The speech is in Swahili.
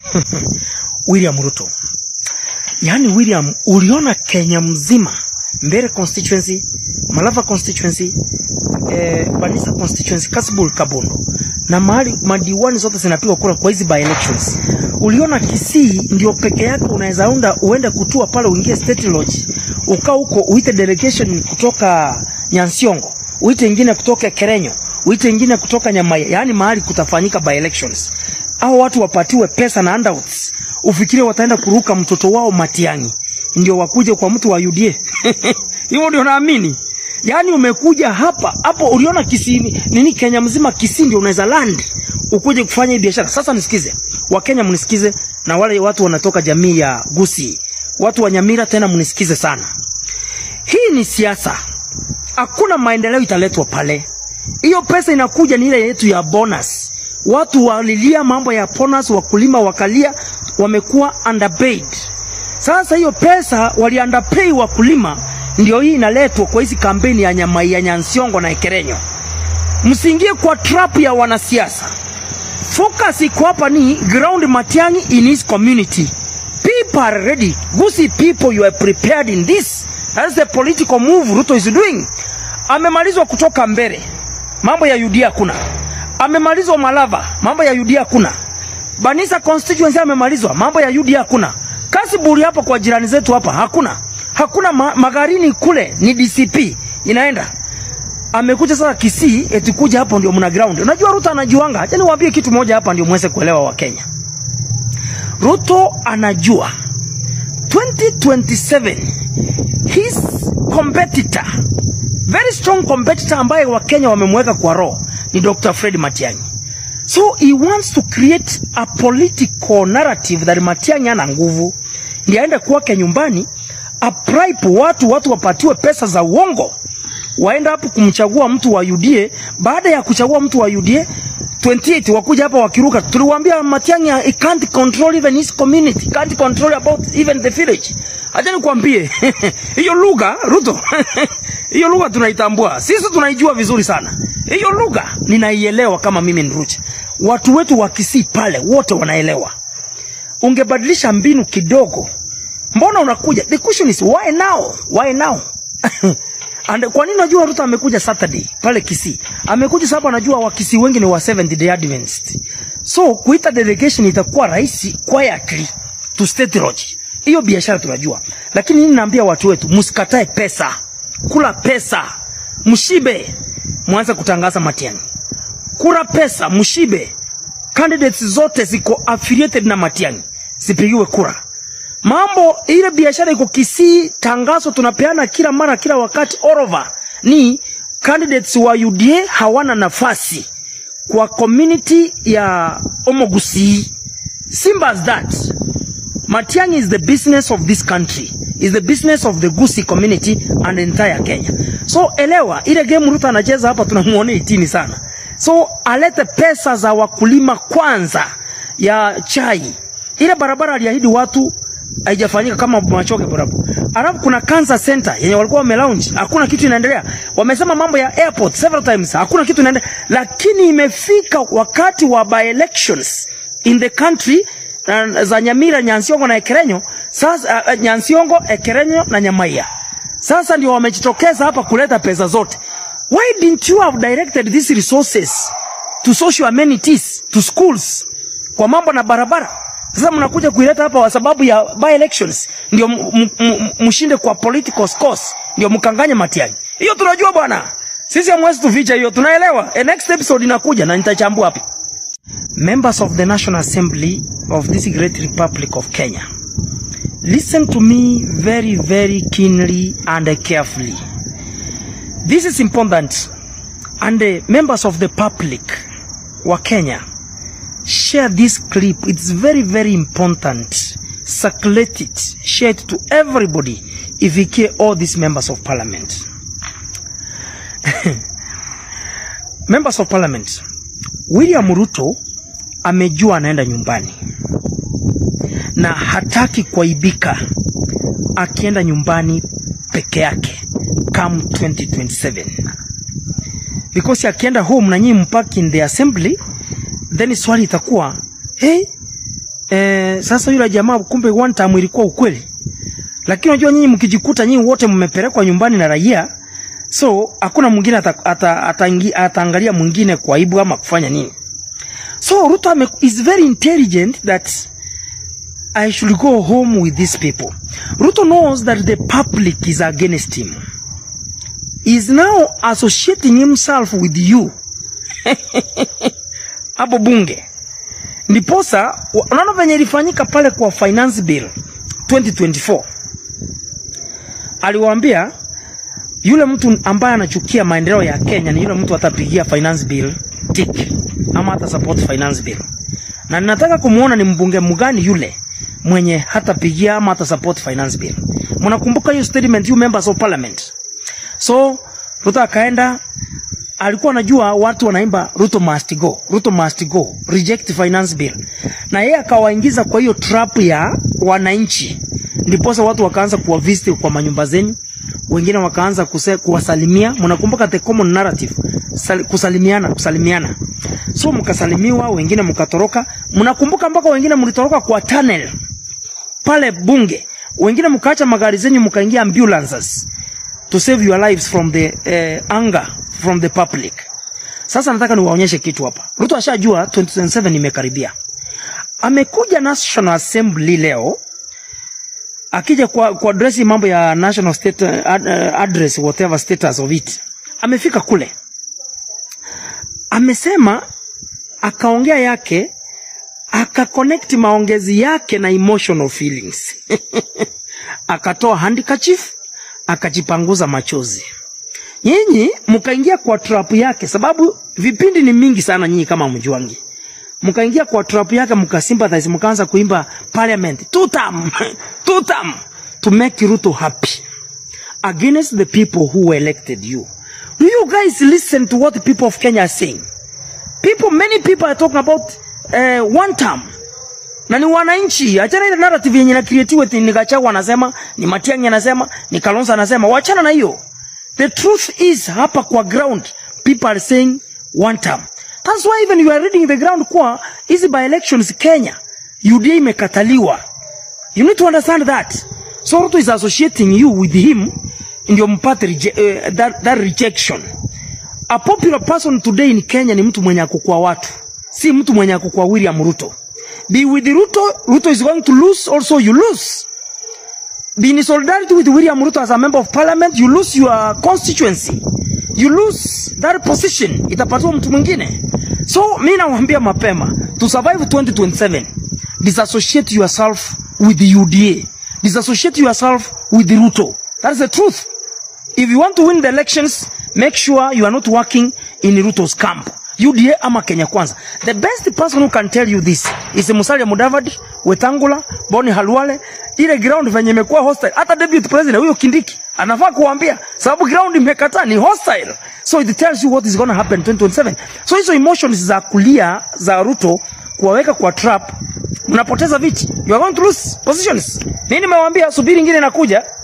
William Ruto. Yaani William, uliona Kenya mzima, Mbere constituency, Malava constituency, eh, Banisa constituency, Kasbul Kabondo na mahali madiwani zote zinapigwa kura kwa hizi by elections. Uliona Kisii ndio peke yake unaweza unda uende kutua pale uingie State Lodge. Ukao huko uite delegation kutoka Nyansiongo, uite ingine kutoka Kerenyo, uite ingine kutoka Nyamaya. Yaani mahali kutafanyika by elections au watu wapatiwe pesa na handouts. Ufikirie wataenda kuruka mtoto wao Matiang'i ndio wakuje kwa mtu wa UDA. Hiyo ndio naamini. Yaani umekuja hapa, hapo uliona Kisii nini Kenya mzima Kisii ndio unaweza land ukuje kufanya biashara. Sasa nisikize. Wakenya mnisikize na wale watu wanatoka jamii ya Gusii. Watu wa Nyamira tena mnisikize sana. Hii ni siasa. Hakuna maendeleo italetwa pale. Hiyo pesa inakuja ni ile yetu ya bonus. Watu walilia mambo ya bonus, wakulima wakalia, wamekuwa underpaid. Sasa hiyo pesa wali underpay wakulima ndio hii inaletwa kwa hizi kampeni ya nyama ya Nyansiongo na Ekerenyo. Msiingie kwa trap ya wanasiasa. Focus iko hapa ni ground Matiang'i in his community. People are ready. Gusi people you are prepared in this. That's the political move Ruto is doing. Amemalizwa kutoka mbele. Mambo ya UDA hakuna amemalizwa Malava, mambo ya UDA hakuna. Banisa constituency amemalizwa, mambo ya UDA hakuna. Kasiburi hapa kwa jirani zetu hapa hakuna. Hakuna ma, Magarini kule ni DCP inaenda. Amekuja sasa Kisii eti kuja hapo ndio mna ground. Unajua Ruto anajuanga. Acha niwaambie kitu moja hapa ndio muweze kuelewa wa Kenya. Ruto anajua 2027 his competitor very strong competitor ambaye wa Kenya wamemweka kwa roho ni Dr. Fred Matiang'i. So he wants to create a political narrative that Matiang'i ana nguvu, ndiyo aende kwake nyumbani apripe watu, watu wapatiwe pesa za uongo waenda hapo kumchagua mtu wa UDA. Baada ya kuchagua mtu wa UDA 28 wakuja hapa wakiruka, tuliwaambia Matiang'i, he can't control even his community, can't control about even the village. Acha nikwambie hiyo lugha Ruto, hiyo lugha tunaitambua sisi, tunaijua vizuri sana hiyo lugha, ninaielewa kama mimi ni Ruto. Watu wetu wa Kisii pale wote wanaelewa, ungebadilisha mbinu kidogo, mbona unakuja? The question is why now, why now? And kwa nini najua Ruto amekuja Saturday pale Kisii? Amekuja sababu anajua Wakisii wengi ni wa Seventh Day Adventist. So kuita delegation itakuwa rahisi quietly to state lodge. Hiyo biashara tunajua. Lakini nini naambia watu wetu, msikatae pesa. Kula pesa. Mshibe. Mwanza kutangaza Matiang'i. Kula pesa, mshibe. Candidates zote ziko affiliated na Matiang'i. Sipigiwe kura. Mambo ile biashara iko Kisii, tangazo tunapeana kila mara kila wakati orova ni candidates wa UDA hawana nafasi kwa community ya Omogusi. Simple as that. Matiang'i is the business of this country. Is the business of the Gusii community and entire Kenya. So elewa ile game Ruto anacheza hapa tunamuona itini sana. So alete pesa za wakulima kwanza ya chai. Ile barabara aliahidi watu haijafanyika kama Machoke Bodaboda. Alafu kuna Cancer Center yenye walikuwa wame launch, hakuna kitu inaendelea. Wamesema mambo ya airport several times, hakuna kitu inaendelea. Lakini imefika wakati wa by elections in the country na, za Nyamira, Nyansiongo na Ekerenyo. Sasa uh, Nyansiongo, Ekerenyo na Nyamaiya. Sasa ndio wamejitokeza hapa kuleta pesa zote. Why didn't you have directed these resources to social amenities, to schools, kwa mambo na barabara? Sasa mnakuja kuileta hapa kwa sababu ya by elections ndio mshinde kwa political scores ndio mkanganye Matiang'i. Hiyo tunajua bwana. Sisi hamwezi tuficha hiyo, tunaelewa. A eh, next episode inakuja na nitachambua hapo. Members of the National Assembly of this great Republic of Kenya. Listen to me very very keenly and carefully. This is important and the members of the public wa Kenya share this clip it's very very important circulate it share it to everybody If you care, all these members of parliament members of parliament William Ruto amejua anaenda nyumbani na hataki kuaibika akienda nyumbani peke yake come 2027 because akienda home na nyinyi mpaki in the assembly then swali itakuwa hey, eh, sasa yule jamaa kumbe one time ilikuwa ukweli. Lakini unajua nyinyi mkijikuta nyinyi wote mmepelekwa nyumbani na raia, so hakuna mwingine ataangalia ata, ata ata mwingine kwa aibu ama kufanya nini. So Ruto ame, is very intelligent that I should go home with these people. Ruto knows that the public is against him. He is now associating himself with you. hapo bunge. Ndiposa unaona venye ilifanyika pale kwa finance bill 2024 aliwaambia yule mtu ambaye anachukia maendeleo ya Kenya ni yule mtu atapigia finance bill tick ama hata support finance bill, na ninataka kumuona ni mbunge mgani yule mwenye hatapigia ama hata support finance bill. Mnakumbuka hiyo statement, you members of parliament. So Ruto akaenda alikuwa anajua watu wanaimba Ruto must go, Ruto must go, reject finance bill, na yeye akawaingiza kwa hiyo trap ya wananchi, ndiposa watu wakaanza kuwavisit kwa manyumba zenu, wengine wakaanza kuse, kuwasalimia. Mnakumbuka the common narrative Sal, kusalimiana, kusalimiana, so mkasalimiwa, wengine mkatoroka. Mnakumbuka mpaka wengine mlitoroka kwa tunnel pale bunge, wengine mkaacha magari zenyu mkaingia ambulances to save your lives from the uh, anger from the public. Sasa nataka niwaonyeshe kitu hapa. Ruto ashajua 2027 imekaribia. Amekuja National Assembly leo akija kwa kwa dressi mambo ya national state uh, ad, uh, address whatever status of it. Amefika kule. Amesema akaongea yake akaconnect maongezi yake na emotional feelings. Akatoa handkerchief akajipanguza machozi. Nyinyi mkaingia kwa trap yake, sababu vipindi ni mingi sana, nyinyi kama mjuangi, mkaingia kwa trap yake, mkasympathize, mkaanza kuimba parliament tutam tutam to make Ruto happy against the people who elected you. Do you guys listen to what the people of Kenya are saying? People, many people are talking about uh, one term na ni wananchi, achana ile narrative yenye na creative ni Gachagua anasema, ni Matiang'i anasema, ni Kalonzo anasema, wachana na hiyo. The truth is hapa kwa ground people are saying one term. That's why even you are reading the ground kwa hizi by elections Kenya UDA imekataliwa. You need to understand that. So Ruto is associating you with him ndio mpate reje uh, eh, that, that rejection. A popular person today in Kenya ni mtu mwenye akukua watu. Si mtu mwenye akukua William Ruto. Be with Ruto, Ruto is going to lose, also you lose be in solidarity with William Ruto as a member of parliament, you lose your constituency, you lose that position, itapatiwa mtu mwingine. So mimi nawaambia mapema, to survive 2027, disassociate yourself with the UDA, disassociate yourself with the Ruto. That is the truth. If you want to win the elections, make sure you are not working in Ruto's camp. UDA ama Kenya Kwanza. The best person who can tell you this is Musalia Mudavadi. Wetangula, Boni Halwale, ile ground venye imekuwa hostile. Hata deputy president huyo Kindiki anafaa kuambia sababu ground imekataa ni hostile. So it tells you what is going to happen 2027. So hizo emotions za kulia za Ruto kuwaweka kwa trap, unapoteza viti. You are going to lose positions. Nini nimewaambia, subiri nyingine inakuja.